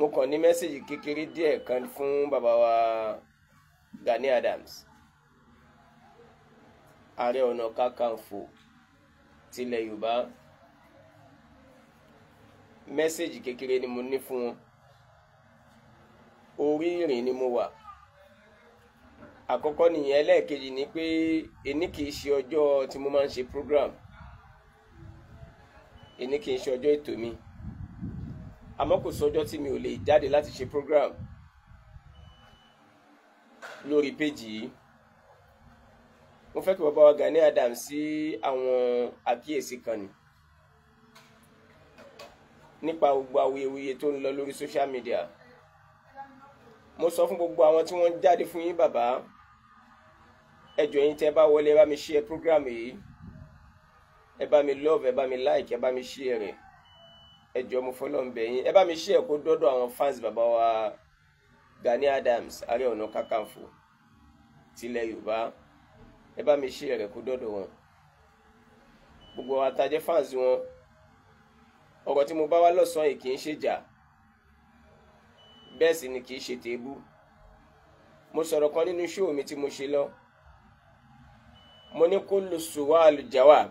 mo kàn ní mẹ́sẹ̀gì kékeré díẹ̀ kan fún bàbá wa Gani Adams ààrẹ ọ̀nà kakanfò tilẹ̀ Yorùbá mẹ́sẹ̀gì kékeré ni mo ní fún wọn orí ìrìn ni mo wà àkọ́kọ́ nìyẹn ẹlẹ́ẹ̀kejì ni pé èní kìí ṣe ọjọ́ tí mo máa ń ṣe program èní kìí ṣe ọjọ́ ètò mi àmọ́ kò sọ́jọ́ tí mi ò lè jáde láti ṣe program lórí péjì yìí mo fẹ́ kí bàbá wa Gani Adams sí àwọn àkíyèsí kan ni nípa gbogbo awuyewuye tó ń lọ lórí social media mo sọ fún gbogbo àwọn tí wọ́n ń jáde fún yín bàbá ẹ yín tẹ́ bá wọlé bá mi share program yìí ẹ bá mi love ẹ bá mi like ẹ bá mi share rẹ̀ ẹjọ́ mo fọlọ́ ń bẹ̀ yín ẹ bá mi ṣe ẹ̀kọ́ dọ́dọ̀ àwọn fans bàbá wa Gani Adams Ààrẹ Ọ̀nà Kakanfò tilẹ̀ Yorùbá ẹ bá mi ṣe ẹ̀kọ́ dọ́dọ̀ wọn gbogbo àtàjẹ́ fans wọn ọ̀rọ̀ tí mo bá wá lọ́sàn-án yìí kì í ṣèjà bẹ́ẹ̀ sì ni kì í ṣe tèébú mo sọ̀rọ̀ kan nínú ṣóò mi tí mo ṣe lọ mo ní kullu su'al jawab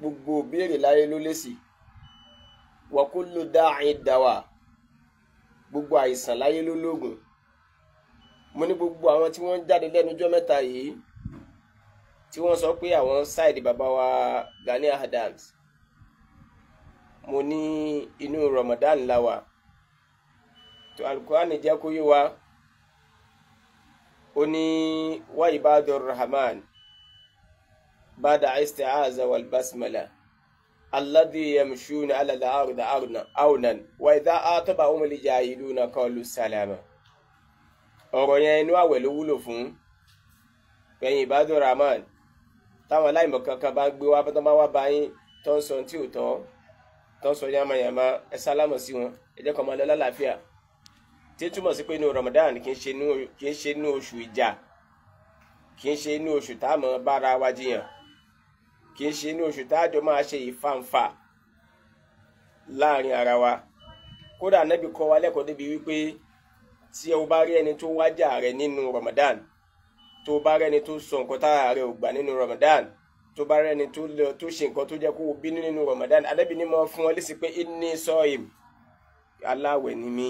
gbogbo òbéèrè láyé ló lésì. Si wàkúlù dáhìn dáwà gbogbo àìsàn láyé ló lóògùn mo ní gbogbo àwọn tí wọ́n ń jáde lẹ́nu ọjọ́ mẹ́ta yìí tí wọ́n sọ pé àwọn ṣáìdì bàbá wa Gani Adams mo ní inú Ramadan la tó alukurani jẹ́ kó yé wa ó ní wáyé bá dọ̀rọ̀ rahman bá da aistẹ́ àzà wàlbásímẹ́lẹ̀ alladhi yamshuna ala al-ardi awnan wa idha atabahum al-jahiluna qalu salama ọ̀rọ̀ yẹn inú àwẹ̀ ló wúlò fún gbẹ̀yìn ìbádùn rahman táwọn aláìmọ̀ kankan bá ń gbé wá bọ́tọ́ bá wá bá yín tó ń sọ tí ò tọ́ tó ń sọ yamayama ẹ sálámọ̀ sí wọn ẹ jẹ́ kó máa lọ lálàáfíà tí Ramadan kì í ṣe inú oṣù ìjà kì í ṣe inú oṣù tá a mọ̀ bára wa jiyàn kì í ṣe ní oṣù táàjọ máa ṣe ìfàǹfà láàrin ara wa kódà nẹ́bí kọ́ wa lẹ́kọ̀ọ́ débi wípé tí o bá rí ẹni tó wájà rẹ nínú Ramadan tó bá rí ẹni tó sọ nǹkan tára rẹ ò gbà nínú Ramadan tó bá rí ẹni tó ṣe nǹkan tó jẹ́ kó o bínú nínú Ramadan alẹ́bí ni mo fún ọ lésì pé inni soim aláwẹ̀ ni mí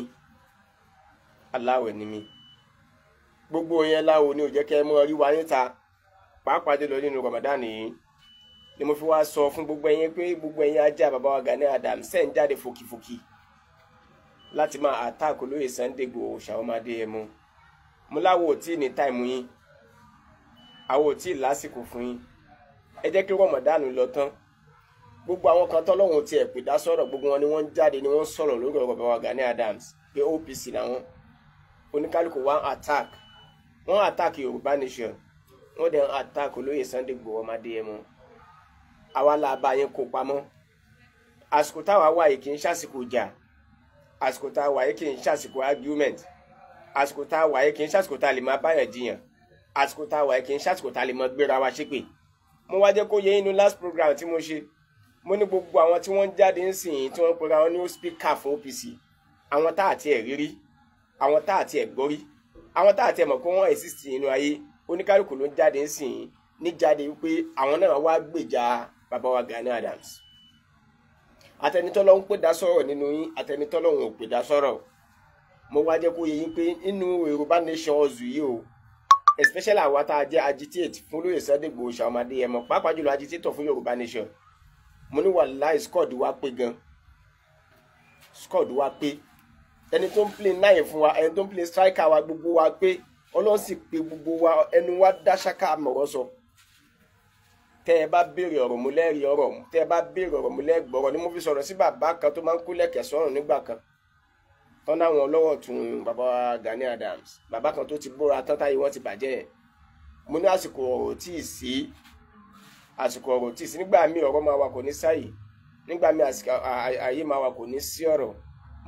aláwẹ̀ ni mí gbogbo yẹn láwo ni ò jẹ́ kẹ́ ẹ mọ́ rí wa níta pàápàá jùlọ nínú Ramadan yìí ni mo fi wá sọ fún gbogbo ẹ̀yin pé gbogbo ẹ̀yin ajá bàbá wa Gani Adams ṣe jáde fòkìfòkì láti máa àtàkù lóye Sunday Igboho ẹ mú mo láwo ò ní táìmù yín àwọn ò lásìkò fún yín ẹ jẹ́ kí rọmọdánù lọ tán gbogbo àwọn kan tọ́lọ́hún ti ẹ̀pẹ́ dá sọ̀rọ̀ gbogbo wọn ni wọ́n jáde ni wọ́n sọ̀rọ̀ lórí ọ̀rọ̀ bàbá Gani Adams pé OPC làwọn oníkálukú wọn attack wọn attack Yorùbá nation wọn dẹ̀ attack olóyè Sunday Igboho ọmọdé àwa la bá yẹn kó pamọ́ àsìkò táwa wà yìí kì í ṣàsìkò ìjà àsìkò tá a wà yìí kì í ṣàsìkò argument àsìkò tá a wà yìí kì í ṣàsìkò tá a lè máa báyàn jiyàn àsìkò tá yìí kì í ṣàsìkò tá a lè máa gbéra wa ṣépè mo wá jẹ́ kó yẹ inú last program tí mo ṣe mo ní gbogbo àwọn tí wọ́n ń jáde ń sìn tí wọ́n pera wọn ní speaker fún OPC àwọn tá àti ẹ̀ rírí àwọn tá àti ẹ̀ gbórí àwọn tá àti ẹ̀ mọ̀ pé wọ́n exist nínú ayé oníkálukú ló ń jáde ń sìn ní jáde wípé àwọn náà wá gbèjà bàbá wa Gani Adams atẹnitọ́lọ́hún pè dá sọ̀rọ̀ nínú yín atẹnitọ́lọ́hún ò pè dá sọ̀rọ̀ mo wá jẹ́ kó yé yín pé nínú Yorùbá nation ọ̀zù yìí o especially àwa tá a jẹ́ agitate fún lóye Sunday Igboho ṣàmàdé ẹ̀mọ́ pàápàá jùlọ agitator fún Yorùbá nation mo ní wàláì squad wa pé gan squad wa pé ẹni tó ń play nine fún wa ẹni tó ń play striker wa gbogbo wa pé ọlọ́sìn pé gbogbo wa ẹnu wa dá ṣáká àmọ̀rọ̀ sọ. So tẹ́ ẹ bá béèrè ọ̀rọ̀ mú lẹ́rìí ọ̀rọ̀ mú tẹ́ ẹ bá béèrè ọ̀rọ̀ mú lẹ́gbọ̀rọ̀ ni mo fi sọ̀rọ̀ sí bàbá kan tó máa ń kú lẹ́kẹ̀ nígbà kan tán láwọn ọlọ́wọ́ tún bàbá Gani Adams bàbá kan tó ti bóra tán táyé wọ́n ti bàjẹ́ yẹn mo ní àsìkò ọ̀rọ̀ tí ì sí àsìkò ọ̀rọ̀ tí ì sí nígbà míì ọ̀rọ̀ máa wà kò ní sáyè nígbà míì àyè máa wà kò ní sí ọ̀rọ̀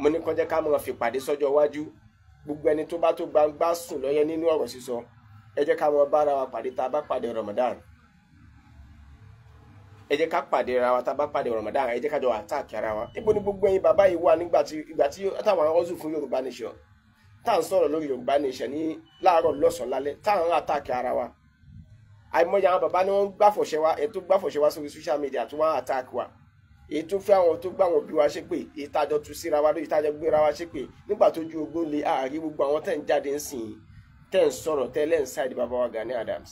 mo ní kọjá ká máa fi pàdé sọ́jọ́ iwájú gbogbo ẹni tó bá tó gbangba sùn lọ́yẹ́ nínú ọ̀rọ̀ sísọ ẹ jẹ́ ká máa bára wa pàdé tá bá pàdé Ramadan ẹ jẹ́ ká pàdé ara wa tá a bá pàdé Ramadan ẹ jẹ́ ká jọ àtàkì ara wa níbo ni gbogbo ẹ̀yin bàbá yìí wà nígbà tí ìgbà tí táwọn ọ̀zù fún Yorùbá nation tá à ń sọ̀rọ̀ lórí Yorùbá nation ní láàárọ̀ lọ́sàn-án lálẹ́ tá à ń àtàkì ara wa àìmọye àwọn bàbá ni wọ́n gbàfọ̀ṣẹ́ wa ètò gbàfọ̀ṣẹ́ wa sórí social media tí wọ́n àtàkì wa ètò fẹ́ àwọn tó gbà wọn bí wa ṣépè ìtajọ tu síra wa lórí ìtajọ gbéra wa ṣépè nígbà tó ju ogbó le ààrí gbogbo àwọn tẹ̀ ń jáde ń sìn tẹ̀ ń sọ̀rọ̀ tẹ́lẹ̀ ń ṣáìdì bàbá wa Gani Adams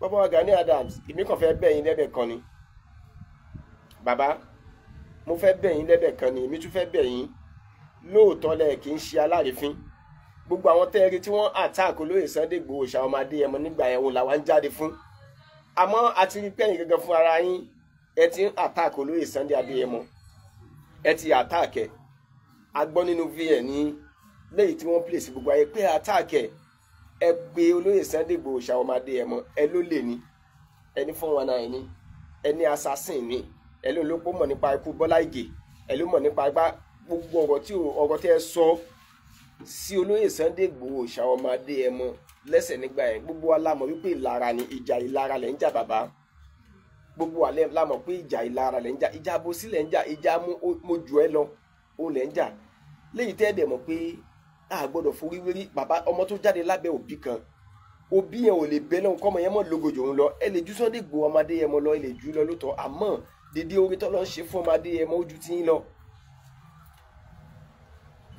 bàbá wa Gani Adams èmi kàn fẹ́ bẹ́ẹ̀ yín lẹ́bẹ̀ẹ́ kan ni bàbá mo fẹ́ bẹ̀ yín lẹ́bẹ̀ kan ni èmi tún fẹ́ bẹ̀ yín lóòótọ́ lẹ kì í ṣe aláàrífín gbogbo àwọn tẹ́ẹ̀rí tí wọ́n àtàkù lóye Sunday Igboho ṣàwọn máa dé ẹmọ nígbà yẹn wò làwọn ń jáde fún àmọ́ àti rí pẹ́yìn gangan fún ara yín ẹ ti ń àtàkù lóye Sunday Adéyẹmọ ẹ ti àtàkẹ́ agbọ́n nínú vn ní lẹ́yìn tí wọ́n pèsè gbogbo ayé pé àtàkẹ́ ẹ pe olóyè Sunday Igboho ṣàwọn máa dé ẹmọ ẹ ló lè ní ẹni fún wọn náà ẹni ẹni assassin ni ẹlò ló pọ̀ mọ̀ nípa ikú Bọ́lá Ìgè ẹlò mọ̀ nípa ipa gbogbo ọ̀rọ̀ tí ọ̀rọ̀ tẹ́ sọ sí olóyè Sunday Igboho ṣàwọn máa dé ẹ nígbà yẹn gbogbo wa wípé ìlara ni ìjà ìlara lẹ̀ ń jà bàbá gbogbo wa la pé ìjà ìlara lẹ̀ ń jà ìjà abosí lẹ̀ ń jà ìjà mo jù ẹ lọ ó lẹ̀ ń jà léyìí tẹ́ mọ̀ pé a gbọ́dọ̀ forí wérí bàbá ọmọ tó jáde lábẹ́ òbí kan òbí yẹn ò lè bẹ́ lọ́hùn kọ́mọ yẹn mọ̀ lógojò ń lọ ẹ lè ju Sunday Igboho ọmọdé yẹn mọ lọ ẹ lè ju lọ lóòótọ́ àmọ́ dédé orí tọ́lọ́ ṣe fún ọmọ Adéyẹmọ ojú tí ń lọ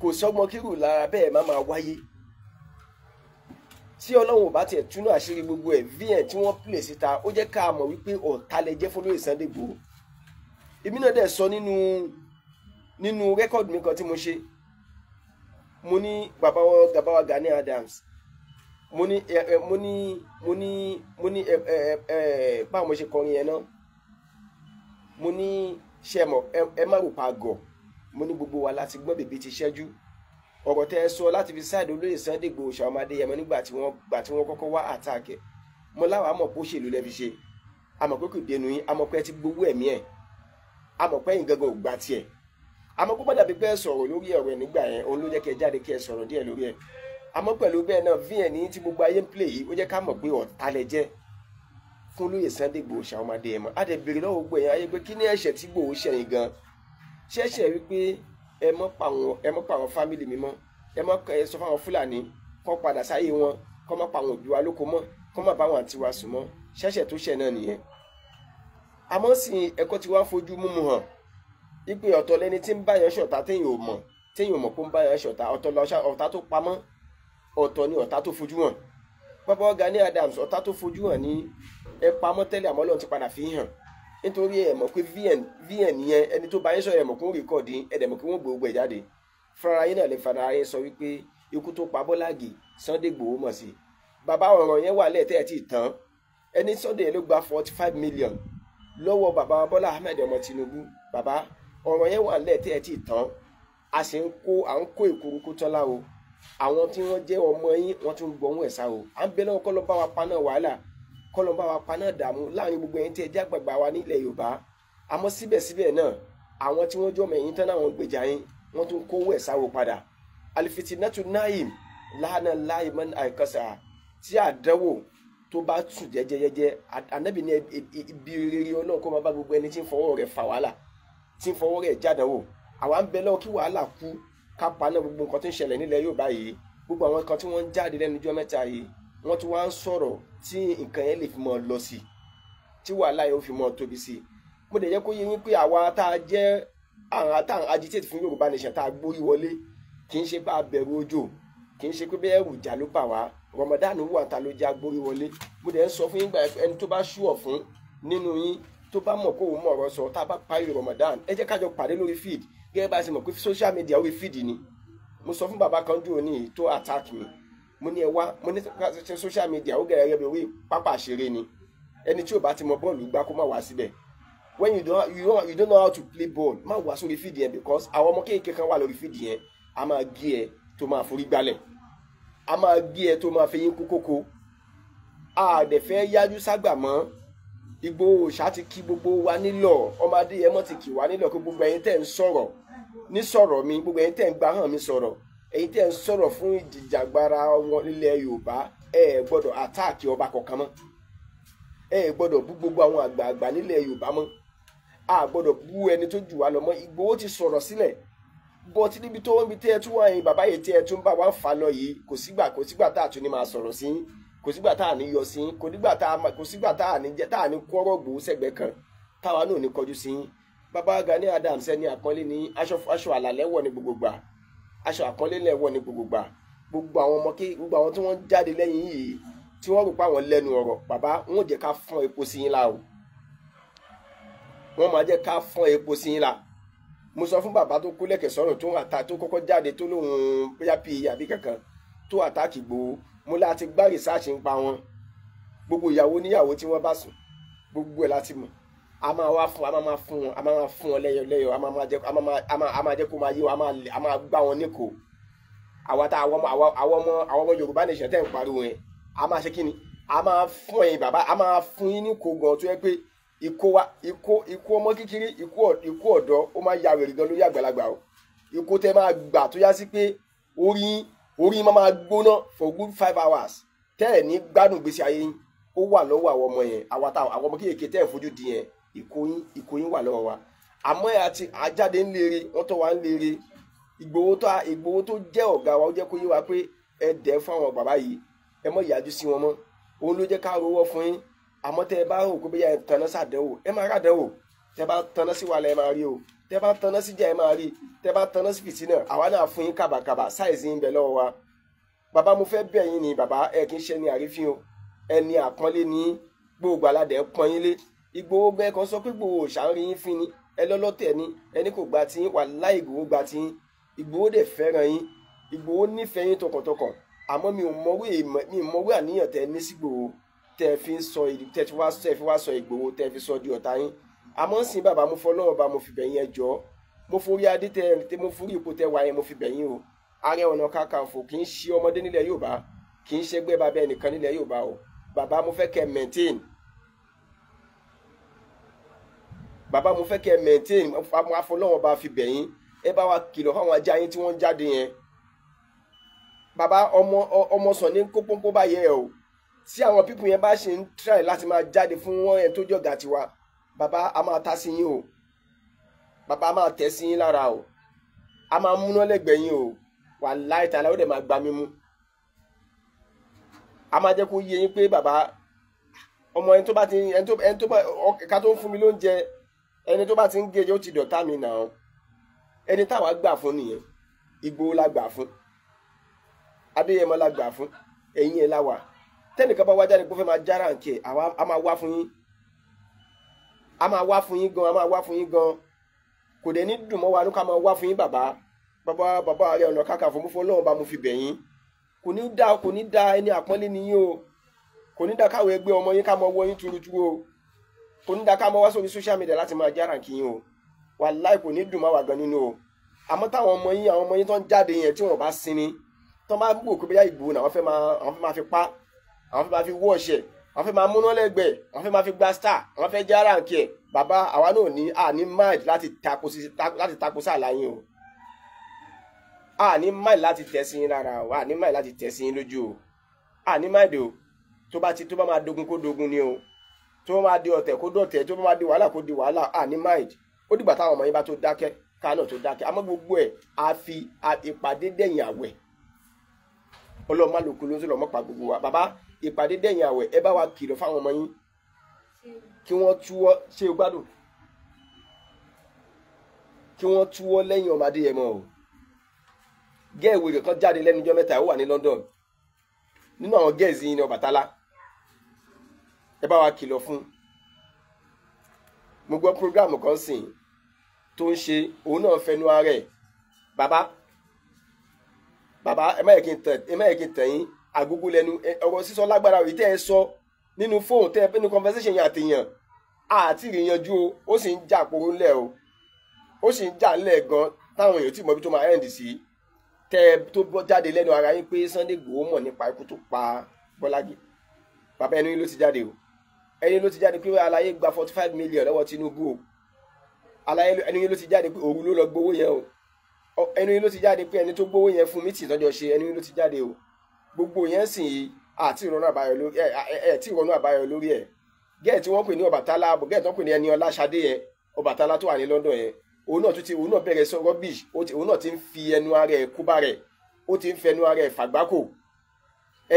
kò sọ́gbọ́n kírù lára bẹ́ẹ̀ má máa wáyé tí ọlọ́run ò bá tiẹ̀ túnú àṣírí gbogbo ẹ̀ vn tí wọ́n pìlẹ̀ síta ó jẹ́ ká mọ̀ wípé ọ̀tá lẹ jẹ́ fún lóye Sunday Igboho èmi náà dẹ̀ sọ nínú nínú rẹ́kọ̀dù mi kan tí mo ṣe mo ní bàbá wọn Gani Adams mo ní mo ní mo ní mo ní báwo mo ṣe kọrin yẹn náà mo ní ṣe mọ̀ ẹ má rò pa gọ̀ mo ní gbogbo wa láti gbọ́n bèbí ti ṣẹ́jú ọ̀rọ̀ tẹ́ ẹ sọ láti fi sáàdì olóyè Sunday Igboho Ṣàwọn Adéyẹmọ nígbà tí wọ́n gbà tí wọ́n kọ́kọ́ wá àtàkẹ́ mo láwàá mọ̀ bó ṣèlú lẹ́fi ṣe àmọ̀ pé kò dénú yín àmọ̀ pé ẹ ti gbowó ẹ̀mí ẹ̀ àmọ̀ pé ẹ̀yin gangan ò gbà tiẹ̀ àmọ́ kó padà bí pé ẹ sọ̀rọ̀ lórí ọ̀rọ̀ nígbà yẹn òun ló jẹ́ kí ẹ jáde kí ẹ sọ̀rọ̀ díẹ̀ lórí ẹ̀ àmọ́ pẹ̀lú náà vn ní e tí gbogbo ayé ń play yìí ó jẹ́ ká mọ̀ pé ọ̀tá lẹ jẹ́ fún olóyè Sunday Igboho ṣàwọmọdé ẹ mọ a dẹ béèrè lọ́wọ́ gbogbo ẹ̀yin ayé pé kí ni ẹ̀ṣẹ̀ tí Igboho ṣẹ̀ yín gan ṣẹṣẹ wípé ẹ mọ pa àwọn ẹ mọ pa àwọn fámìlì mi mọ́ ẹ mọ ẹ sọ fáwọn Fúlàní kọ padà sáyé wọn kọ mọ pa àwọn òbí wa lóko mọ́ kọ mọ bá àwọn àti wa sùn mọ́ ṣẹṣẹ tó ṣẹ̀ náà nìyẹn àmọ́ sì ẹ̀kọ́ tí wàá fojú múmu hàn ipe ọ̀tọ̀ lẹni tí ń báyọ̀ ṣọ̀tá téèyàn ò mọ̀ téèyàn ò mọ̀ pé ń báyọ̀ ṣọ̀tá ọ̀tọ̀ lọ ọ̀tá tó pamọ́ ọ̀tọ̀ ni ọ̀tá tó fojú hàn bàbá Gani Adams ọ̀tá tó fojú hàn ní ẹ pamọ́ tẹ́lẹ̀ àmọ́ lọ́run ti padà fi hàn nítorí ẹ mọ̀ pé vn vn yẹn ẹni tó bá yín sọ̀rọ̀ ẹ mọ̀ kó ń rìkọ̀dì ẹ dẹ̀ mọ̀ kí wọ́n gbogbo ẹ̀ jáde fúnra yín náà lè fara yín sọ wípé ikú tó pa Bọ́lá Sunday Igboho mọ̀ sí bàbá ọ̀rọ̀ yẹn wà lẹ́ẹ̀tẹ́ ẹ̀ tí ì tán ẹni Sunday yẹn ló gba forty five million lọ́wọ́ bàbá Bọ́lá Ahmed ọmọ Tinubu bàbá ọ̀rọ̀ yẹn wà lẹ́ẹ̀tẹ́ ẹ̀ tí ì tán a sì ń kó à ń kó ìkúrukú tọ́lá o àwọn tí wọ́n jẹ́ ọmọ yín wọ́n tún gbọ́ ohun ẹ̀ o à ń bẹ lọ́wọ́ kọ́ lọ́ bá wa paná wàhálà kọ́lọ́n wa paná dààmú láàrin gbogbo ẹ̀yin tí ẹ jẹ́ àgbààgbà wa nílẹ̀ yorùbá àmọ́ síbẹ̀síbẹ̀ náà àwọn tí wọ́n jọmọ ẹ̀yìn tán náà wọ́n gbèjà yín wọ́n tún kówó ẹ̀ sáwó padà alifitinatu naim lana lahi man àìkọsà tí àdánwò tó bá tù jẹjẹjẹjẹ anabi ní ibi rere ọlọ́run kó máa bá gbogbo ẹni tí ń fọwọ́ rẹ̀ fà wàhálà tí ń fọwọ́ rẹ̀ jádánwò àwa ń bẹ lọ́wọ́ kí wàhálà kú ká wọ́n ti wá ń sọ̀rọ̀ tí nǹkan yẹn lè fi mọ́ lọ sí i tí wàhálà yẹn ó fi mọ́ tóbi sí i mo dẹ̀ jẹ́ kó yé yín àwa tá a jẹ́ àwọn àtàwọn agitate fún Yorùbá nation tá a gbórí wọlé kì í ṣe bá a bẹ̀rù òjò kì í ṣe pé bẹ́ẹ̀ rù jà ló bà wá Ramadan wà ta ló jẹ́ agbórí wọlé mo dẹ̀ ń sọ fún yín gbà ẹni tó bá ṣùọ̀ fún nínú yín tó bá mọ̀ kó o mọ̀ ọ̀rọ̀ sọ tá a bá parí Ramadan ẹ jẹ́ kájọ pàdé lórí feed gẹ́gẹ́ bá a ṣe mọ̀ pé social media orí feed ni mo sọ fún bàbá kan dúró ní tó attack me mo ní ẹ mo ní social media ó gẹ̀rẹ́ gẹ́gẹ́ bí owó pápá ṣeré ni ẹni tí ò bá ti mọ bọ́ọ̀lù gbá kó má wá síbẹ̀ when you don't you don't you don't know how to play ball má wá sórí fídì because àwọn ọmọ kéèké kan wà lórí fídì yẹn a máa gé ẹ tó máa forí gbálẹ̀ a máa gé ẹ tó máa fi yín kú kókó a dẹ̀ fẹ́ yájú ságbà mọ́ Ìgbòho ṣá ti kí gbogbo wa nílọ̀ ọmọ Adéyẹmọ ti kì wá nílọ̀ kó gbogbo ẹ̀yin tẹ́ ń sọ̀rọ̀ ní sọ̀rọ̀ mi gbogbo ẹ̀yin tẹ́ ń gbà hàn mi sọ̀rọ̀ eyi tí ẹ ń sọ̀rọ̀ fún ìjìjàgbara ọmọ nílẹ̀ yorùbá ẹ ẹ gbọ́dọ̀ àtáàkì ọba kankan mọ́ ẹ ẹ gbọ́dọ̀ bú gbogbo àwọn àgbààgbà nílẹ̀ yorùbá mọ́ a gbọ́dọ̀ bú ẹni tó jù wá lọ mọ́ Ìgbòho ti sọ̀rọ̀ sílẹ̀ bọ́tí níbi tó ń bi tẹ́ ẹ tún wá bàbá kò sígbà kò sígbà tá ní máa sọ̀rọ̀ sí kò sígbà tá yọ sí kò sígbà tá jẹ tá a ní gbòó sẹ́gbẹ̀ẹ́ kan táwa aṣọ àkọlé náà wọ̀ ní gbogbogbà gbogbo àwọn ọmọ kí gbogbo àwọn tí wọ́n jáde lẹ́yìn yìí tí wọ́n rò pé àwọn lẹ́nu ọ̀rọ̀ bàbá wọn ò jẹ́ ká fọ́n epo sí yín la o wọ́n máa jẹ́ ká fọ́n epo sí yín la mo sọ fún bàbá tó kú lẹ́kẹ̀ sọ́rùn tó àta tó kọ́kọ́ jáde tó lóun bóyá pi àbí kankan tó àtàkì gbòó mo láti gbá rìsáàsì ń pa wọn gbogbo ìyàwó níyàwó tí wọ́n bá sùn gbogbo ẹ̀ láti mọ̀ a máa wá fún a máa máa fún wọn a máa máa fún wọn lẹ́yọ lẹ́yọ a máa máa jẹ a máa máa a máa jẹ kó máa yé wọn a máa a máa gbá wọn níkò àwa tá àwọn ọmọ àwọn ọmọ àwọn ọmọ Yorùbá nation tẹ̀ ń pariwo yẹn a máa ṣe kíni a máa fún ẹ̀yin bàbá a máa fún yín níkò gan tó yẹ pé ikó wa ikó ikó ọmọ kékeré ikó ọ̀dọ́ ó máa ya wèrè gan lórí àgbàlagbà o ikó tẹ máa gbà tó yá sí pé orí orí máa máa gbóná for good five hours tẹ́ ẹ̀ ní gbádùn gbèsè ayé yín ó wà lọ́wọ́ àwọn ọmọ yẹn àwọn ọmọ kékeré tẹ́ ẹ̀ fojú di yẹn ìkóyín ìkóyín wà lọ́wọ́ wa àmọ́ àti ajáde ń lere wọ́n tó wà ń lere ìgbòho tó ìgbòho tó jẹ́ ọ̀gá wa ó jẹ́ kó yé wa pé ẹ dẹ̀ fáwọn bàbá yìí ẹ mọ̀ ìyájú sí wọn mọ́ òun ló jẹ́ ká rówó fún yín àmọ́ tẹ́ ẹ bá rò pé bóyá ẹ tanná sàdánwò ẹ máa ràdánwò tẹ́ bá tanná sí wàhálà ẹ máa rí o tẹ́ bá tanná sí jà ẹ máa rí tẹ́ bá tanná sí fìtínà àwa náà fún yín kàbàkàbà sáìsì ń bẹ lọ́wọ́ wa bàbá mo fẹ́ bẹ̀ ni bàbá ẹ kì í ṣe ni àrífín o ẹni àpọ́nlé ní gbogbo aládẹ pọ́n Ìgbòho bẹ́ẹ̀ kan sọ pé Ìgbòho ṣàárín yín fín ni ẹ lọ́lọ́tẹ̀ ni ẹni kò gba tiyín wà láì Ìgbòho gba tiyín Ìgbòho dẹ̀ fẹ́ràn yín Ìgbòho nífẹ̀ẹ́ yín tọkàntọkàn àmọ́ mi ò mọ̀wé mi ò mọ̀wé àníyàn tẹ ní sí Ìgbòho tẹ fi sọ tẹ fi wá tẹ fi wá sọ Ìgbòho tẹ fi sọ di ọ̀tá yín àmọ́ ń sìn bàbá mo fọlọ́wọ́ bá mo fi bẹ̀yìn ẹ jọ mo forí adé tẹ mo forí ipò tẹ wáyé mo fi bẹ̀yìn o Ààrẹ Ọ̀nà Kakanfò kì í ṣe ọmọdé nílẹ̀ Yorùbá kì í ṣẹgbẹ́ bàbá ẹnìkan nílẹ̀ Yorùbá o bàbá mo fẹ́ kẹ́ maintain bàbá mo fẹ́ kẹ́ ẹ maintain afọlọ́wọ́n bá fi bẹ̀yìn ẹ bá wa kìlọ̀ fáwọn ajá yín tí wọ́n ń jáde yẹn bàbá ọmọ ọmọ sàn ní kó pọ́npọ́n bá yẹ ẹ o tí àwọn pípù yẹn bá ṣe ń try láti máa jáde fún wọn ẹ tó jọ̀gà tiwa bàbá a máa ta sí yín o bàbá a máa tẹ̀ sí yín lára o a máa múná lẹ́gbẹ̀ẹ́ yín o wà láìta láwọn dẹ̀ máa gba mímú a máa jẹ́ kó yé yín pé bàbá ọmọ ẹni tó bá ti ẹni tó bá ẹni tó bá ẹ̀ka tó ń fún mi lóúnjẹ ẹni tó bá ti ń géjẹ ó ti dọ̀tá mi nà ọ́ ẹni táwa gbà fún nìyẹn Ìgbòho la gbà fún Adéyẹmọ la gbà fún ẹ̀yin ẹ̀ la wà tẹ́nìkan bá wá jáde pé ó fẹ́ máa já ráǹkì ẹ̀ àwa a máa wá fún yín a máa wá fún yín gan a máa wá fún yín gan kò dẹ̀ ní dùn mọ́ wa ló ká máa wá fún yín bàbá bàbá bàbá Ààrẹ Ọ̀nà Kakanfò mú fún Ọlọ́run bá mo fi bẹ̀ yín kò ní dá kò ní dá ẹni àpọ́nlé ni yín o kò ní dá káwọn ẹgbẹ́ ọmọ yín ká máa wọ yín turuturu o kò ní dáká mọ́ wá sórí social media láti máa jára kí yín o wàláì kò ní dùn má wà gan nínú o àmọ́ táwọn ọmọ yín àwọn ọmọ yín tó ń jáde yẹn tí wọ́n bá sinmi tó bá wò pé bóyá Ìgbòho náà àwọn fẹ́ máa àwọn fẹ́ máa fi pa àwọn fẹ́ máa fi wú ọ̀ṣẹ̀ àwọn fẹ́ máa múná lẹ́gbẹ̀ẹ́ àwọn fẹ́ máa fi gba star àwọn fẹ́ jára kí ẹ̀ bàbá àwa náà ní àní mind láti tako sí láti tako sáà láyé o àní mind láti tẹ̀ sí yín rárá o àní mind láti tẹ̀ sí lójú o àní mind o tó bá ti tó bá máa dogun kó dogun ni o tó máa di ọ̀tẹ̀ kó dọ̀tẹ̀ tó máa di wàhálà kó di wàhálà à ní mind ó dìgbà táwọn ọmọ yín bá tó dákẹ́ káà tó dákẹ́ àmọ́ gbogbo ẹ̀ a fi ìpàdé dẹ̀yìn àwẹ̀ ọlọ́ọ̀ má lòkun ló ń sọ̀rọ̀ mọ́pa gbogbo wa bàbá ìpàdé dẹ̀yìn àwẹ̀ ẹ bá wa kìlọ̀ fáwọn ọmọ yín kí wọ́n túwọ́ ṣe o gbádùn kí wọ́n túwọ́ lẹ́yìn ọmọ adéyẹmọ o gẹ́ẹ̀wé London nínú àwọn gẹ́ẹ̀sì ní ẹ bá wa kìlọ̀ fún mo gbọ́ program kan sìn tó ń ṣe òun náà fẹnu ara ẹ̀ bàbá bàbá ẹ má yẹ kí n tẹ̀ ẹ má yẹ kí n tẹ̀ yín agogo lẹ́nu ọ̀rọ̀ sísọ lágbára òyì tẹ́ ẹ sọ nínú fóònù tẹ́ ẹ pé nínú conversation yẹn àtìyàn àti ìrìnyànjú o ó sì ń jà àpòrò ńlẹ̀ o ó sì ń jà ńlẹ̀ gan táwọn èèyàn tí mọ̀bí tó máa end sí tẹ́ ẹ tó bọ́ jáde lẹ́nu ara yín pé Sunday Igboho mọ̀ nípa ikú tó pa Bọ́lájí bàbá ẹnu yín ló ti jáde o ẹni ló ti jáde pé aláyé gba forty five million lọ́wọ́ Tinubu o aláyé ẹni ló ti jáde pé òun ló lọ gbowó yẹn o ẹni ló ti jáde pé ẹni tó gbowó yẹn fún mítì tọ́jọ́ ṣe ẹni ló ti jáde o gbogbo yẹn sì yìí àti ìrònú àbáyọ lórí ẹ ẹ tí ìrònú àbáyọ lórí ẹ gẹ́ẹ̀ tí wọ́n pè ní Ọbàtálá àbọ̀ gẹ́ẹ̀ tí wọ́n pè ní ẹni Ọláṣadé yẹn Ọbàtálá tó wà ní London yẹn òun náà tún ti òun náà bẹ̀rẹ̀ sọ rubbish òun náà ti ń fi ẹnu ara ẹ̀ kú rẹ̀ ó ti ń fẹnu ara ẹ̀ fàgbákò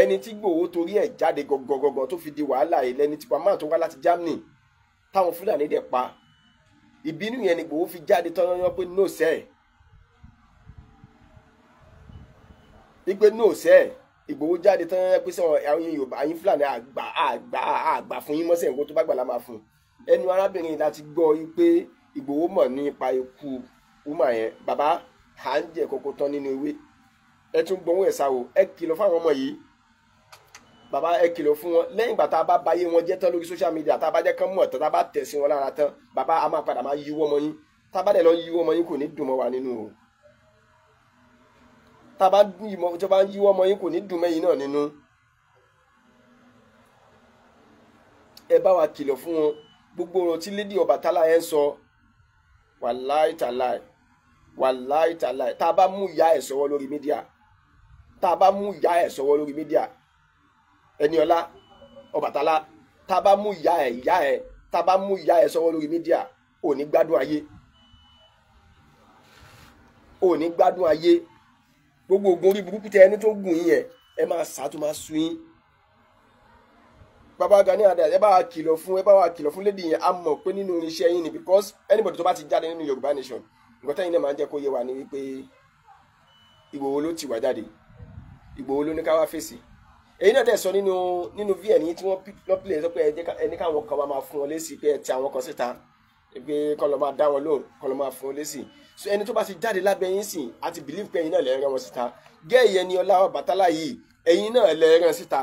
ẹni tí Ìgbòho torí ẹ̀ jáde gọ̀gọ̀gọ̀gọ̀ tó fi di wàhálà yìí lẹ́ni tipa máa tó wá láti Germany táwọn Fúlàní dẹ̀ pa ìbínú yẹn ni Ìgbòho fi jáde tọ́yọ́yọ́ pé no sẹ́ ẹ̀ wípé no sẹ́ ẹ̀ Ìgbòho jáde tọ́yọ́yọ́ pé sẹ́wọ̀n àwọn Yorùbá àyín Fúlàní àgbà àgbà àgbà fún yín mọ́sẹ̀ nǹkan tó bá gbà lá máa fún ẹnu arábìnrin yìí láti gbọ́ wípé Ìgbòho mọ̀ nípa ikú wúmà yẹn bàbá à ń jẹ kókó tán nínú ewé ẹ tún gbọ́n ẹ̀ sá o ẹ kìlọ̀ fáwọn ọmọ yìí baba ẹ kìlọ̀ fún wọn lẹ́yìn ìgbà tá a bá bayé wọn jẹ́ tán lórí social media tá a bá jẹ́ kán mọ̀ tán tá a bá tẹ̀ sí wọn lára tán bàbá a máa padà máa yíwọ́ mọ́ yín tá a bá dẹ̀ lọ yíwọ́ mọ́ yín kò ní dùn mọ́ wa nínú o tá a bá yíwọ́ mọ́ yín kò ní dùn mẹ́yìn náà nínú ẹ bá wa kìlọ̀ fún wọn gbogbo ọ̀rọ̀ tí lady Ọbàtálá ẹ ń sọ wàláì tàláì wàláì tàláì tá a bá mú ìyá ẹ̀ sọ́wọ́ lórí mídíà tá a bá mú ìyá ẹ̀ sọ́wọ́ lórí mídíà Eniola, Ọbàtálá Taba a bá mú ìyá ẹ ìyá ẹ tá a bá mú ìyá ẹ sọwọ́ lórí mídíà ò ní gbádùn ayé ò ní gbádùn ayé gbogbo ogun orí burúkú tẹ ẹni tó gùn yín yẹn ẹ máa sàtún máa sun yín baba Gani Adams ẹ bá wa kìlọ̀ fún ẹ bá wa kìlọ̀ fún lédi yẹn a mọ̀ pé nínú irinṣẹ́ yín ni because anybody tó bá ti jáde nínú Yorùbá nation nǹkan tẹ́yìn náà máa ń jẹ́ kó yé wa ni wípé Ìgbòho ló ti wà jáde Ìgbòho ló ní ká wá fèsì èyí náà tẹ̀ sọ nínú nínú vn yìí tí wọ́n lọ́pìlẹ̀ sọ pé ẹni káwọn kan máa fún wọn lésì pé ẹ ti àwọn kan síta pé kọ́ lọ́ máa dá wọn lóòrùn kọ́ lọ́ máa fún wọn lésì so ẹni tó bá ti jáde lábẹ́ yín sìn àti believe pé ẹ̀yin náà lẹ́rẹ̀ wọn síta gẹ́ẹ̀yẹ ni ọlá Ọbàtálá yìí ẹ̀yin náà lẹ́rẹ̀ síta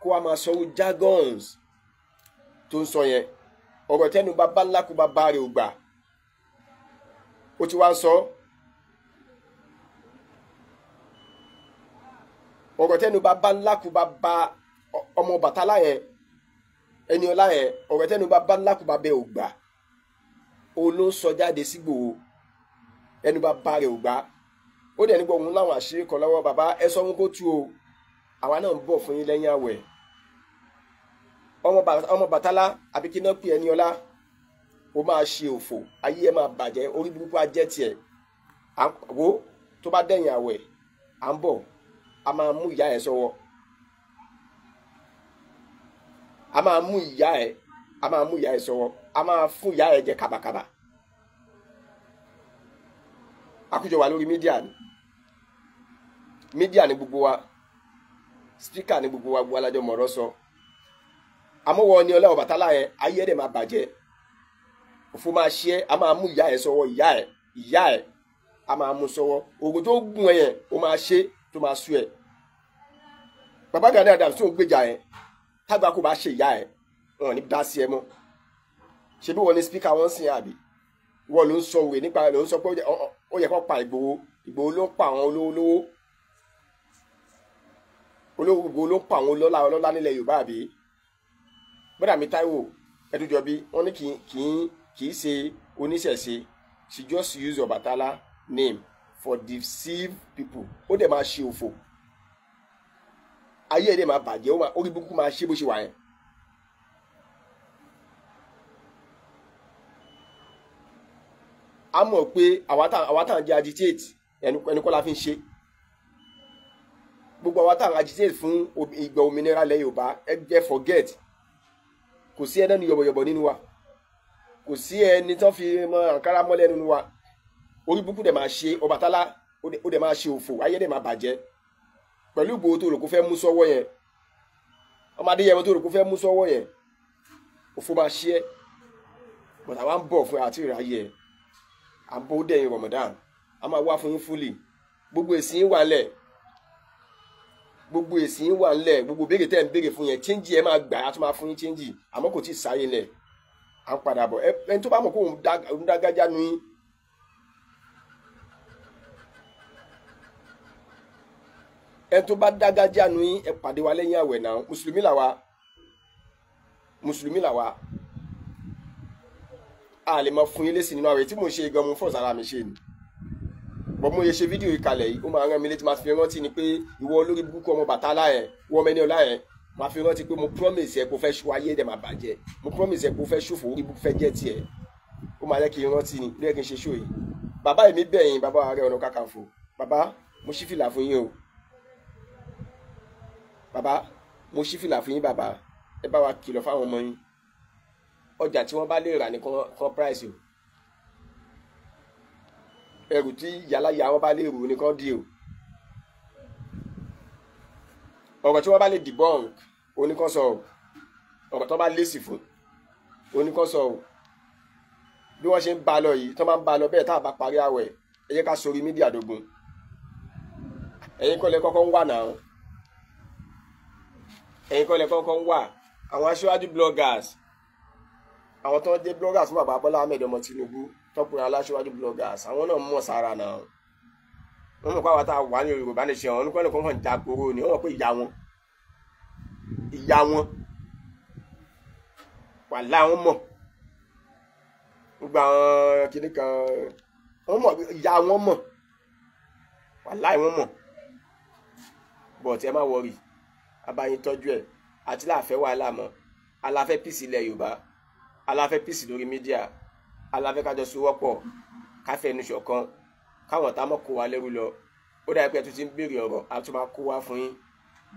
kó a máa sọ́wọ́ jargons tó ń sọ yẹn ọ̀rọ̀ tẹnu bàbá ńlá kó bàbá rẹ̀ ò gbà ó ti wá ń sọ ọ̀rọ̀ tẹnu bàbá ńlá kú bàbá ọmọ bàtálá yẹn ẹni ọlá yẹn ọ̀rọ̀ tẹnu bàbá ńlá kú bàbá ògbà òun ló ń sọ jáde sígbòho ẹnu bàbá rẹ̀ ògbà ó dẹ̀ nígbà òun láwọn àṣírí kan lọ́wọ́ bàbá ẹ sọ wọn kó tu o àwa náà ń bọ̀ fún yín lẹ́yìn àwẹ̀ ọmọ bàtálá àbí kí náà pè ẹni ọlá ó máa ṣe òfò ayé ẹ máa bàjẹ́ orí burúkú ajẹ́ tiẹ̀ àwo tó bá dẹ̀yìn àwẹ̀ à ń bọ̀ ama máa mú ìyá ẹ sọ́wọ́ ama máa mú ìyá ẹ a máa mú ìyá ẹ sọ́wọ́ a máa fún ìyá ẹ jẹ wa lórí mídíà ni mídíà ni gbogbo wa spíkà ni gbogbo wa gbogbo alájọ mọ̀ọ́rọ́ sọ amówọ ni ọlá Ọbàtálá yẹn ayé ẹ̀ dẹ̀ máa bàjẹ́ òfò máa ṣe ẹ́ a máa mú ìyá ẹ sọ́wọ́ ìyá ẹ ìyá ẹ a máa mú sọ́wọ́ oògùn tó gùn ẹ yẹn ó tó máa sú ẹ bàbá Gani Adams tó ń gbèjà ẹ tágbà kó bá ṣe ìyá ẹ wọn ní dá sí ẹ mọ ṣe bí wọn ní spíkà wọn sìn àbí wọn ló ń sọ òwe nípa ló ń sọ pé ó yẹ kó pa Ìgbòho Ìgbòho ló ń pa àwọn olówó lówó olówó Ìgbòho ló ń pa àwọn ọlọ́lá ọlọ́lá nílẹ̀ Yorùbá àbí bọ́dà mi Táíwò ẹdújọbí wọn ní kì í kì í ṣe oníṣẹ̀ṣe she just use Ọbàtálá name for deceive people ó dẹ̀ máa ṣe òfò ayé ẹ̀ dẹ̀ máa bàjẹ́ orí burúkú máa ṣe bó ṣe wà yẹn. a mọ̀ pé àwa tá à ń jẹ́ agitate ẹnu kọ́ la fi ń ṣe gbogbo àwa tá à ń agitate fún ìgbà òmìnira ilẹ̀ Yorùbá ẹ jẹ́ forget kò sí ẹni yọ̀bọ̀yọ̀bọ̀ nínú wa kò sí ẹni tó fi mọ àǹkárá mọ́lẹ̀ nínú wa orí burúkú dẹ̀ máa ṣe Ọbàtálá ó dẹ̀ máa ṣe òfò ayé dẹ̀ máa bàjẹ́ pẹ̀lú Ìgbòho tó rò kó fẹ́ mú sọ́wọ́ yẹn ọmọ Adéyẹmọ tó rò fẹ́ mú sọ́wọ́ yẹn òfò máa ṣe ẹ́ bọ̀dà wa ń bọ̀ fún àti ìráyè à ń bó dẹ̀yìn Ramadan a máa wá fún yín fúlì gbogbo èsì yín wà ńlẹ̀ gbogbo èsì yín wà ńlẹ̀ gbogbo béèrè tẹ́ ń béèrè fún yẹn chíńjì ẹ máa gbà á tún máa fún yín chíńjì àmọ́ kò tí ì sáyé lẹ̀ à ń padà bọ̀ ẹni tó bá mọ̀ kó òun dágájá nu yín ẹni tó bá dágájá nu yín ẹ pàdé wa lẹ́yìn àwẹ̀ náà mùsùlùmí là wa mùsùlùmí là wa a lè máa fún yín lésì nínú àwẹ̀ tí mo ṣe gan mo fọ̀ sára mi ṣe ni bọ́ mo yẹ ṣe fídíò ìkàlẹ̀ yìí ó máa rán mi létí máa fi rántí ni pé ìwọ olórí burúkú ọmọ Bàtálá ẹ̀ wọ ọmọ ẹni ọlá ẹ̀ máa fi rántí pé mo promise ẹ kó fẹ́ ṣó ayé dẹ̀ máa bàjẹ́ mo promise ẹ kó fẹ́ ṣòfò orí burúkú fẹ́ jẹ́ tiẹ̀ ó máa yẹ kí n rántí ni lóyè kí n ṣe ṣó bàbá èmi bẹ̀yìn bàbá Ààrẹ Ọ̀nà Kakanfò bàbá mo ṣí fún yín o Baba, mo ṣí fìlà fún yín bàbá ẹ bá wa kìlọ̀ fáwọn ọmọ yín ọjà tí wọ́n bá lè rà ní kọ́ price o ẹrù tí yàláyà wọn bá lè rù ní kọ́ di o ọ̀rọ̀ tí wọ́n bá lè debunk oníkọ́sọ̀ ọ̀rọ̀ tó bá lèsì fún oníkọ́sọ̀ bí wọ́n ṣe ń ba lọ yìí tó máa ń ba lọ bẹ́ẹ̀ tá a bá parí àwẹ̀ ẹ yẹ ká sórí mídíà dógún ẹ̀yin kọ́ lẹ kọ́kọ́ ń wà náà ẹ̀yin kọ́lẹ̀ kọ́kọ́ ń wà àwọn aṣíwájú bloggers àwọn tó ń jẹ́ bloggers fún bàbá Bọ́lá Ahmed ọmọ Tinubu tọkùnrin aláṣíwájú bloggers àwọn náà mọ̀ sára náà wọ́n mọ̀ pé àwọn tá a wà ní Yorùbá ní ṣe àwọn oníkọ́ni kan hàn já gbòòrò ni wọ́n mọ̀ pé ìyá wọn ìyá wọn wà láwọn mọ̀ gbogbo àwọn kìnnì kan wọ́n mọ̀ ìyá wọn mọ̀ wà láì wọn mọ̀ bọ̀t ẹ má wọrí abayín tọ́jú ẹ̀ àti láàfẹ́ wàhálà mọ́ aláfẹ́ píìsì ilẹ̀ yorùbá aláfẹ́ píìsì lórí mídíà aláfẹ́ kájọ sowọ́pọ̀ káfẹ́nu ṣọ̀kan káwọn tá mọ̀ kó wa lẹ́rú lọ ó dàbí pé ẹ tún ti ń béèrè ọ̀rọ̀ a tún máa kó wa fún yín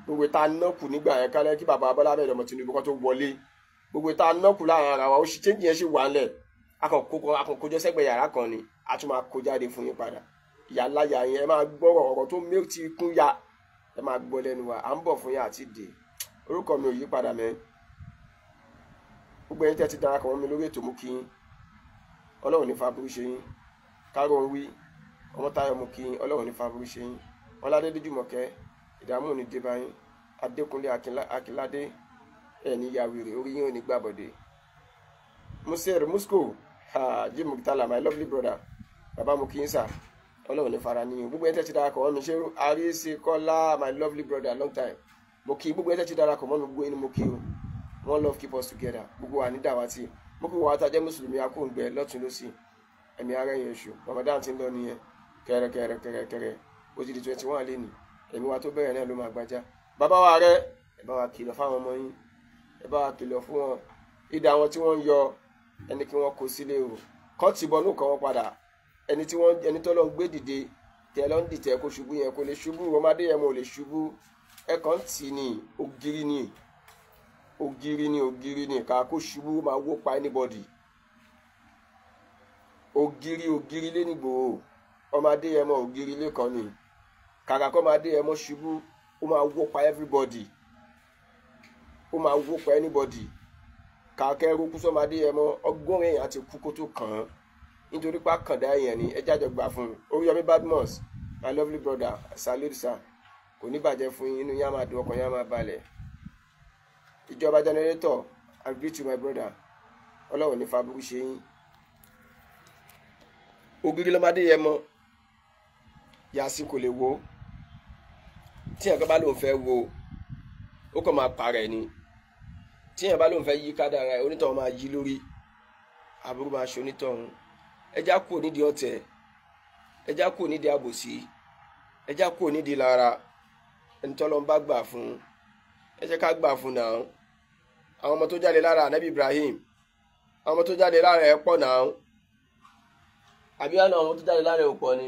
gbogbo tá a ná kù nígbà yẹn kálẹ̀ kí bàbá abọ́lá bẹ̀rẹ̀ ọmọ tinubu kan tó wọlé gbogbo tá a láàrin ara wa ó ṣe chéńjì yẹn ṣì wà ńlẹ̀ akọ̀kọ̀jọ́ sẹ́gbẹ̀ yàrá kan ni a tún máa kó jáde fún yín padà ìyá ńlá máa gbọ́rọ̀ ọ̀rọ̀ tó mẹ́tì kún ya ẹ máa gbọ́ lẹ́nu wa à ń bọ̀ fún yín àti dè orúkọ mi ò yí padà mẹ́ gbogbo ẹ̀yin tẹ́ ti darapọ̀ mọ́ mi lórí ètò mú kí yín ọlọ́run ní faburú ṣe yín káró ń wí ọmọ táyọ̀ mú kí yín ọlọ́run ní faburú ṣe yín ọládédé jùmọ̀kẹ́ ìdààmú ní dé báyìí adékúnlé akínládé ẹ̀ ní yàwèrè orí yín ò ní gbàbọ̀dé musir musko ha jim murtala my lovely brother Baba mú kí yín sáà ọlọ́run ní fara níyìn gbogbo ẹ̀tẹ́ ti darapọ̀ mọ́nu ṣé àríṣe kọ́lá my lovely brother long time mo kí gbogbo ẹ̀tẹ́ ti darapọ̀ mọ́nu gbogbo inú mo kí o one love keep us together gbogbo wa ní dàwátì mo kí wọ́n atajẹ́ mùsùlùmí akóǹgbẹ lọ́tún lọ́sì ẹ̀mí ara ẹ̀yìn oṣù Ramadan ti ń lọ nìyẹn kẹrẹkẹrẹ kẹrẹkẹrẹ ó ti di twenty one lẹ́nu ẹ̀mí wa tó bẹ̀rẹ̀ náà ló máa gbajá bàbá wa rẹ ẹ bá wa kìlọ̀ fáwọn ọmọ yín ẹ bá wa kìlọ̀ fún wọn ìdá àwọn tí wọ́n ń yọ ẹni kí wọ́n kó sílé o kọ́ tìbọnú kan wọn padà ẹni tí wọ́n ẹni tó lọ́n gbé dìde tẹ lọ́n dìtẹ̀ kó ṣubú yẹn kó lè ṣubú ọmọdé yẹn mo lè ṣubú ẹ̀kan tì ní ògiri ní ògiri ní ògiri ní ká kó ṣubú máa wó pa anybody ògiri ògiri lé nígbò ọmọdé yẹn mọ ògiri lé kan ní kàkà kọ́ ọmọdé yẹn mọ ṣubú ó máa wó pa everybody ó máa wó pa anybody kàkẹ́ ẹrú kú sọ́mọdé yẹn mọ ọgọ́rin àti kú kó tó kàn án nítorí pé àkàndá èèyàn ni ẹ jájọ gbà fún un Oríyọmí Badmus my lovely brother salute sir kò ní bàjẹ́ fún yín inú yá máa dùn ọkàn yá máa balẹ̀ ìjọba jẹnẹrétọ̀ I greet you my brother ọlọ́run ní faburú ṣe yín ògiri lọ́mọdé yẹ mọ́ yàsí kò lè wo tí ẹ̀ka bá lóun fẹ́ wo ó kàn máa parẹ́ ni tí ẹ̀ka bá lóun fẹ́ yí kádàrá ẹ̀ onítọ̀hún máa yí lórí aburú máa ṣe onítọ̀hún ẹjá kúrò nídìí ọ̀tẹ̀ ẹjá kúrò nídìí àbòsí ẹjá kúrò nídìí lára ẹni tọ́lọ́ ń bá gbà fún ẹ ká gbà fún náà àwọn ọmọ tó jáde lára anabi Ibrahim àwọn ọmọ tó jáde lára ẹ pọ̀ náà àbí wọn àwọn ọmọ tó jáde lára ẹ pọ̀ ni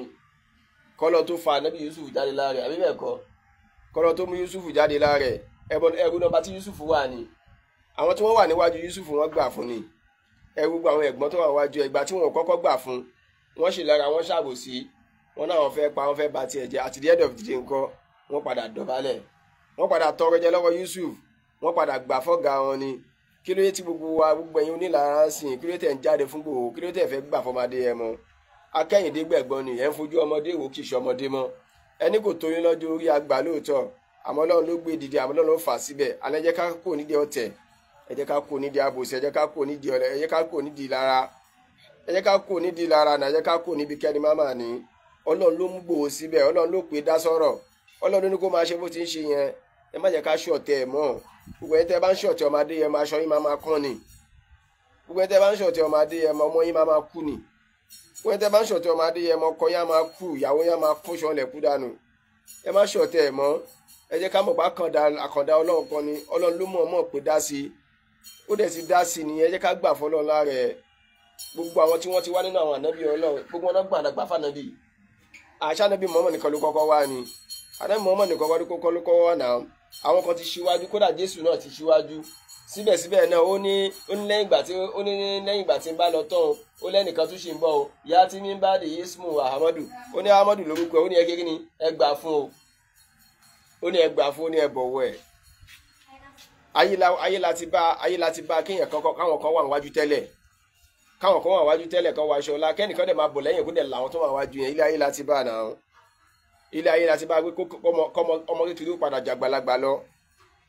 kọ́lọ́ tó fa anabi Yusuf jáde lára ẹ àbí bẹ́ẹ̀ kọ́ kọ́lọ́ tó mú Yusuf jáde lára ẹ ẹ̀rù nọ́mbà ti Yusuf wà ni àwọn tí wọ́n wà níwájú Yusuf wọ́n gbà fún ni ẹ gbogbo àwọn ẹ̀gbọ́n tó wà wájú ẹgbà tí wọn kọ́kọ́ gbà fún wọn sì lára wọn ṣàbòsí wọn náà wọn fẹ́ pa wọn fẹ́ ba tiẹ̀ jẹ́ àti the end of the day nǹkan wọn padà dọ̀bálẹ̀ wọn padà tọrọ jẹ lọ́wọ́ Yusuf wọn padà gbà fọ́gà wọn ni kí ló yẹ tí gbogbo wa gbogbo ẹ̀yin onílára ń sìn kí ló yẹ tẹ̀ ń jáde fún gbòòrò kí ló yẹ tẹ̀ fẹ́ gbà fọmọdé ẹ mọ́ akẹ́yìndé gbẹ̀gbọ́n ni ẹ̀ ń fojú ọmọdé wò kì í ṣọmọdé mọ́ ẹni kò tóyún lọ́jọ́ orí àgbà lóòótọ́ àmọ́ Ọlọ́run ló gbé e dìde àmọ́ Ọlọ́run ló fà síbẹ̀ alẹ́ jẹ́ ká kò nídìí ọ̀tẹ̀ ẹ jẹ́ ká kó nídìí àbòsí ẹ jẹ́ ká kó nídìí ọ̀rẹ́ ẹ jẹ́ ká kó nídìí lára ẹ jẹ́ ká kó nídìí lára náà ẹ ká kó níbi kẹ́ni má máa ní ló ló pè dá ló kó máa ṣe bó ti ń ṣe yẹn ẹ má ká gbogbo ni gbogbo ẹni bá ń ọmọ yín máa máa kú ni gbogbo ẹni tẹ́ bá ń ọkọ yá máa kú ìyàwó yá máa kú dànù ẹ má ẹ ọmọ ó dẹ̀ ti dá sí nìyẹn jẹ́ ká gbà fọlọ́ lára ẹ̀ gbogbo àwọn tí wọ́n ti wá nínú àwọn ànábì ọlọ́run gbogbo wọn gbà àdàgbà fànàbì àṣà ànábì Muhammad nìkan ló kọ́kọ́ wá ni ànábì Muhammad nìkan wọ́n kọ́kọ́ ló kọ́kọ́ wá náà àwọn kan ti ṣíwájú kódà Jésù náà ti ṣíwájú síbẹ̀síbẹ̀ náà ó ní ó ní lẹ́yìn ìgbà tí ó ní lẹ́yìn ìgbà tí ń bá lọ tán o ó lẹ́nìkan tún ṣì ń bọ̀ o ìyá tí ní bá dé yéṣmù ahamadu ó ní ahamadu lórúkọ ó ní ẹ kékeré ni ẹ gbà fún o ó ní ẹ fún ó ní ẹ ẹ̀ ayé láti bá ayé láti bá kéèyàn kan káwọn kan wà níwájú tẹ́lẹ̀ káwọn kan wà níwájú tẹ́lẹ̀ kan wọ aṣọ ọlá kẹ́nìkan dẹ̀ máa bọ̀ lẹ́yìn ìkúndẹ̀ làwọn tó wà níwájú yẹn ilé ayé láti bá àná ilé ayé láti bá pé kọ́mọ ọmọ kékeré padà jàgbàlagbà lọ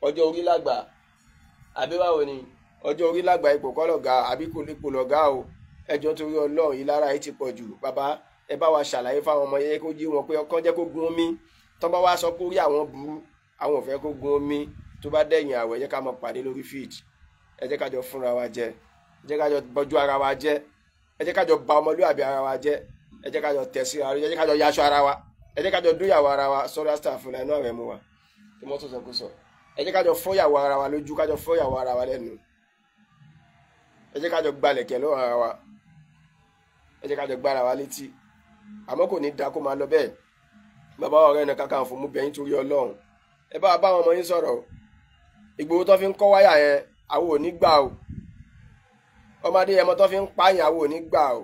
ọjọ́ orí lágbà àbí ni ọjọ́ orí lágbà ipò kọ́ lọ̀gá àbí kò lè pò lọ̀gá o ẹjọ́ torí ọlọ́run yìí lára yìí ti pọ̀ jù bàbá ẹ bá wa ṣàlàyé fáwọn ọmọ yẹn kó jí wọn pé ọkàn jẹ́ kó gun omi tọ́ bá wa sọ kó rí àwọn burú àwọn ò kó gun omi tó bá dẹ̀yìn àwẹ̀ ẹ jẹ́ ká mọ pàdé lórí feed ẹ jẹ́ ká jọ fúnra wa jẹ ẹ jẹ́ ká jọ bọ́jú ara wa jẹ ẹ jẹ́ ká jọ ba ọmọlúwàbí ara wa jẹ ẹ jẹ́ ká jọ tẹ̀sí ara wa ẹ jẹ́ ká jọ yaṣọ ara wa ẹ jẹ́ ká jọ dúnyàwó ara wa sọ́rí astafurla inú ọ̀rẹ́ mu wa tí mo tún sọ kó sọ ẹ jẹ́ ká jọ fọ́yàwó ara wa lójú ká jọ fọ́yàwó ara wa lẹ́nu ẹ jẹ́ ká jọ gbalẹ̀kẹ̀ lọ́wọ́ ara wa ẹ jẹ́ ká jọ gbára wa létí àmọ́ kò ní da kó máa lọ bẹ́ẹ̀ bàbá ọ̀rẹ́ náà Ọ̀nà Kakanfò mú bẹ̀yìn Ìgbòho tó fi ń kọ́ wáyà yẹn àwọn ò ní gbà o ọmọdé yẹmọ tó fi ń pààyàn àwọn ò ní gbà o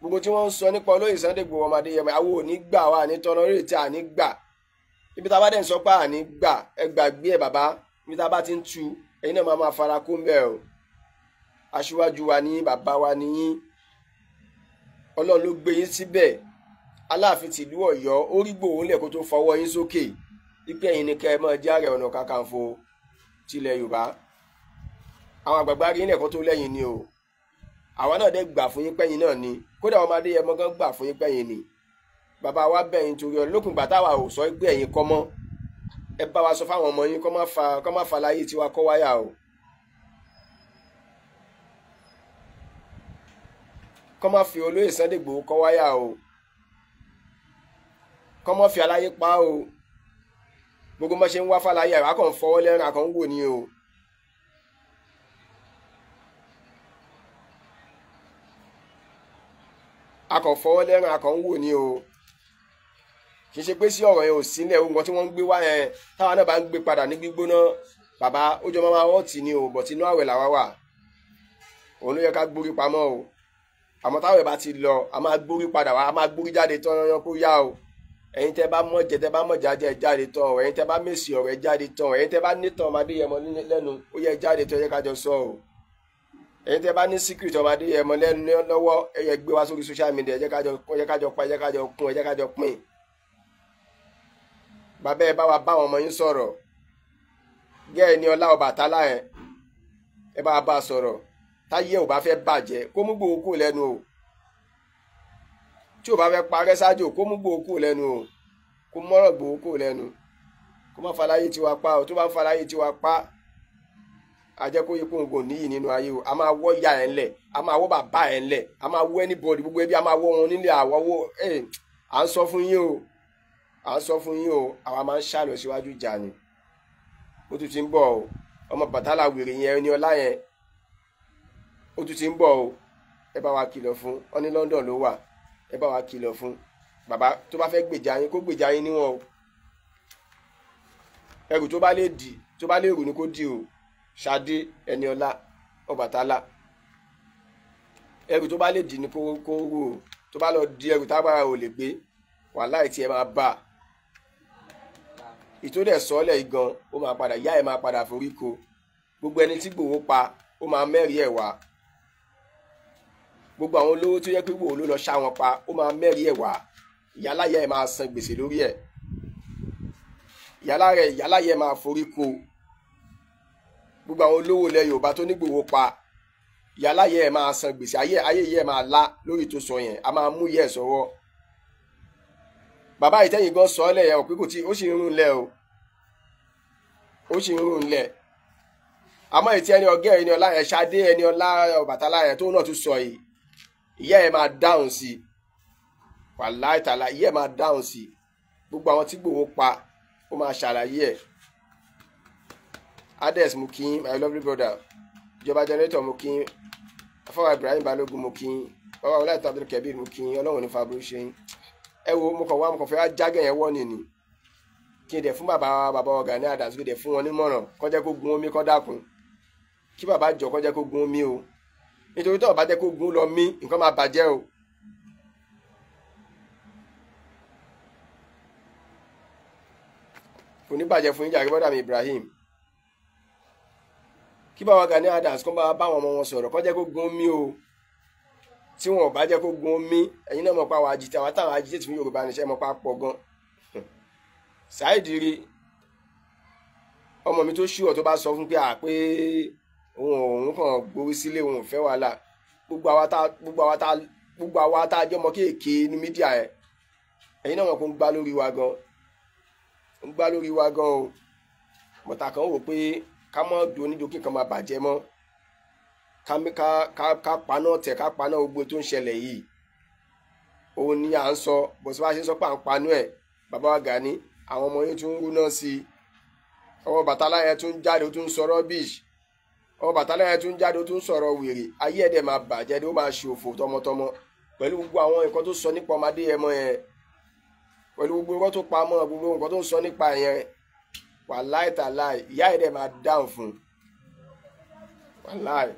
gbogbo tí wọ́n ń sọ nípa olóyè Sunday Igboho ọmọdé yẹmọ àwọn ò ní gbà o àní tọrọ rèé tí a gbà ibi tá a bá dẹ̀ ń sọ pé a gbà ẹ gbàgbé ẹ bàbá ibi tá a bá ti ń tu ẹ̀yin náà máa máa fara kó ń bẹ̀ o aṣíwájú wa ní bàbá wa níyín ọlọ́run ló gbé yín síbẹ̀ aláàfin tìlú ọ̀yọ́ ó rí gbòòlẹ̀ tó fọwọ́ yín sókè ipe ẹ̀yin ni kẹ́ ẹ máa jẹ́ ààrẹ ọ̀nà kakanfò tilẹ̀ yorùbá àwọn àgbààgbà rí ilẹ̀ tó lẹ́yìn ni o àwa náà dẹ́ gbà fún yín pẹ́yìn náà ni kódà àwọn ọmọdé yẹn mọ́gán gbà fún yín pẹ́yìn ni bàbá wa bẹ̀yìn torí ọlọ́kùn gbà táwa ò sọ pé ẹ̀yin kọ́ mọ́ ẹ bá wa sọ fáwọn ọmọ yín kọ́ má fa kọ́ má fa láyé tiwa kọ́ wáyà o kọ́ má fi olóyè Sunday kọ́ wáyà o kọ́ má fi aláyé pa o gbogbo bá ṣe ń wá fàlàyé àwa kàn ń fọwọ́ lẹ́rìn àkàn ń wò ní o. akàn fọwọ́ lẹ́rìn akàn ń wò ní o kì í ṣe pé sí ọ̀rọ̀ yẹn ò sílẹ̀ ohun tí wọ́n ń gbé wá yẹn táwa náà bá ń gbé padà ní gbígbóná bàbá ó jọ máa wọ́n tì ní o bọ̀ tí inú àwẹ̀ làwa wà òun ló yẹ ká gbórí pamọ́ o àmọ́ táwẹ̀ bá ti lọ a máa gbórí padà wá a máa gbórí jáde tán yán kó yá o ẹ̀yin tẹ́ bá mọ̀ jẹ tẹ́ bá mọ̀ jáde ẹ jáde tán ọ̀rọ̀ ẹ̀yin tẹ́ bá mèsì ọ̀rọ̀ ẹ jáde tán ọ̀rọ̀ ẹ̀yin tẹ́ bá nítàn ọmọdé yẹmọ lẹ́nu ó yẹ jáde tán ẹ yẹ kájọ sọ o ẹ̀yin tẹ́ bá ní secret ọmọdé yẹmọ lẹ́nu lọ́wọ́ ẹ yẹ gbé wá sórí social media ẹ yẹ kájọ pa ẹ yẹ kájọ kún ẹ yẹ kájọ pín bàbá ẹ bá wa bá àwọn ọmọ yín sọ̀rọ̀ gẹ́ẹ̀ ni ọlá Ọbàtálá ẹ ẹ bá wa bá a sọ̀rọ̀ táyé ò bá fẹ́ bàjẹ́ kó mú gbòógù lẹ́nu o tí ò bá fẹ́ parẹ́ ṣáájú kó mú gbòó kò lẹ́nu o kó mọ́rọ̀ gbòó kò lẹ́nu kó má faláyé tiwa pa o tó bá ń faláyé tiwa pa ajẹ́kóye kó ń gò níyì nínú ayé o a máa wọ́ ìyá ẹ̀ ńlẹ̀ a máa wọ́ bàbá ẹ̀ ńlẹ̀ a máa wọ́ anybody gbogbo ẹbí a máa wọ́ wọn nílé àwọ̀wọ́ ẹ̀ à ń sọ fún yín o à ń sọ fún yín o àwa máa ń ṣàlọ̀ síwájú ìjà ni ó tún ti ń bọ̀ o ọmọ bàtálà wèrè yẹn ẹni ọlá yẹn ó tún ti ń bọ̀ o ẹ bá wa kìlọ̀ fún ọ ní London ló wà ẹ bá wa kìlọ̀ fún bàbá tó bá fẹ́ gbèjà yín kó gbèjà yín níwọ̀n o ẹrù tó bá lè dì tó bá lè rù ni kó dì o Ṣadé Ẹniọlá Ọbàtálá ẹrù tó bá lè dì ni kó kó rù o tó bá lọ di ẹrù tágbára ò lè gbé wàhálà ìtì ẹ máa bà ìtòdẹ̀ sọ́ọ́lẹ̀ igan ó máa padà yá ẹ máa padà foríko gbogbo ẹni tí gbòwó pa ó máa mẹ́rìí ẹ̀ gbogbo àwọn olówó tó yẹ pé wò ló lọ ṣá wọn pa ó máa mẹ́rí ẹ̀wà ìyáláyà ẹ̀ máa san gbèsè lórí ẹ̀ ìyáláyà ìyáláyà ẹ̀ máa forí ko gbogbo àwọn olówó ilẹ̀ Yorùbá tó nígbòho pa ìyáláyà ẹ̀ máa san gbèsè ayé ayé máa lórí tó sọ yẹn a máa mú yẹ̀ sọ́wọ́ bàbá ìtẹ́yìn gan sọ kò tí ó sì ń rún àmọ́ ìtí ẹni ọgẹ́ ẹni ọlá ẹni ọlá tó náà tún sọ yìí ìyá ẹ máa dáhùn sí i wàláì tàlà ìyá ẹ máa dáhùn sí i gbogbo àwọn tí gbòho pa ó máa ṣàlàyé ẹ ades mo kí my lovely brother ìjọba generator mo kí afọwọ́ Ibrahim Balógun mo kí bàbá wọlé àti Abdul Kabir mo kí ọlọ́run ní faburú ṣe ẹ wo mo kàn wá mo kàn fẹ́ jágẹ̀ yẹn wọ́n nìyí kí n dẹ̀ fún bàbá bàbá ọ̀gá ní àdàsókè dẹ̀ fún wọn nímọ̀ràn kọjá kó gun omi kọ́ dákun kí bàbá jọ kọjá kó gun omi o nítorí tó bá jẹ́ kó gun lọ mí nǹkan máa bàjẹ́ o. kò ní bàjẹ́ fún yíjà akébọ́dà mi Ibrahim kí bá wa Gani Adams kó bá báwọn ọmọ wọn sọ̀rọ̀ kó jẹ́ kó gun mí o tí wọn ò bá jẹ́ kó gun omi ẹ̀yin náà mọ̀ pa àwọn àjìtẹ̀ àwọn táwọn àjìtẹ̀ tìfún Yorùbá níṣẹ́ mọ̀ pa pọ̀ gan. Saheed Iri ọmọ mi tó ṣíwọ̀ tó bá sọ fún pé à òun òun kàn gbowó sílé òun ò fẹ́ wàhálà gbogbo àwa tá gbogbo àwa tá gbogbo àwa tá jẹ́ ọmọ kéèké ní mídíà ẹ̀ ẹ̀yin náà wọn kò ń gbá lórí wa gan ń gbá lórí wa gan o mọ̀tà kan wò pé ká mọ́ do onídokí kan máa bàjẹ́ mọ́ ká ká ká paná tẹ̀ ká paná gbogbo tó ń ṣẹlẹ̀ yìí òun ni à ń sọ bọ̀sí bá ṣe sọ pé à ń panú ẹ̀ bàbá wa Gani àwọn ọmọ yẹn tún ń rú náà sí ọwọ́ bàtà láyẹn tún jáde ó tún ń sọ rọ́bìṣì Ọbàtálá yẹn tún jáde ó tún sọ̀rọ̀ wèrè ayé ẹ̀dẹ̀ máa bàjẹ́ ni ó máa ṣe òfò tọmọtọmọ pẹ̀lú gbogbo àwọn nǹkan tó sọ nípa ọmọdé yẹn mọ́ yẹn pẹ̀lú gbogbo nǹkan tó pa mọ́ gbogbo nǹkan tó ń sọ nípa yẹn wàláì tàláì ìyá ẹ̀dẹ̀ máa dáhùn fún wàláì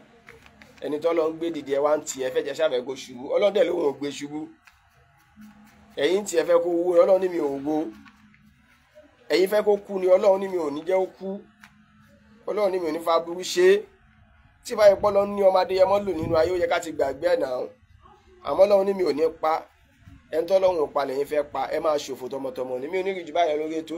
ẹni tó lọ ń gbé dìde ẹ wá ń tiẹ̀ fẹ́ jẹ́ sáfẹ́ kó ṣubú ọlọ́dẹ ló ń gbé ṣubú ẹ̀yin tiẹ̀ fẹ́ kó wó ọlọ́run ní mi ò wó ẹ̀yin fẹ́ kó kú ni ọlọ́run ní mi ò ní jẹ́ ó kú ọlọ́run ní mi ò ní fa burú ṣe é tí báyìí pọ́lọ́ ní ọmọ adéyẹmọ lò nínú ayé ó yẹ ká ti gbàgbé ẹ̀ náà àmọ́ lọ́hún ní mi ò ní pa ẹni tọ́lọ́hún ò pa lẹ́yìn fẹ́ pa ẹ máa ṣòfò tọmọtọmọ ní mi ò ní rí báyìí lórí ètò.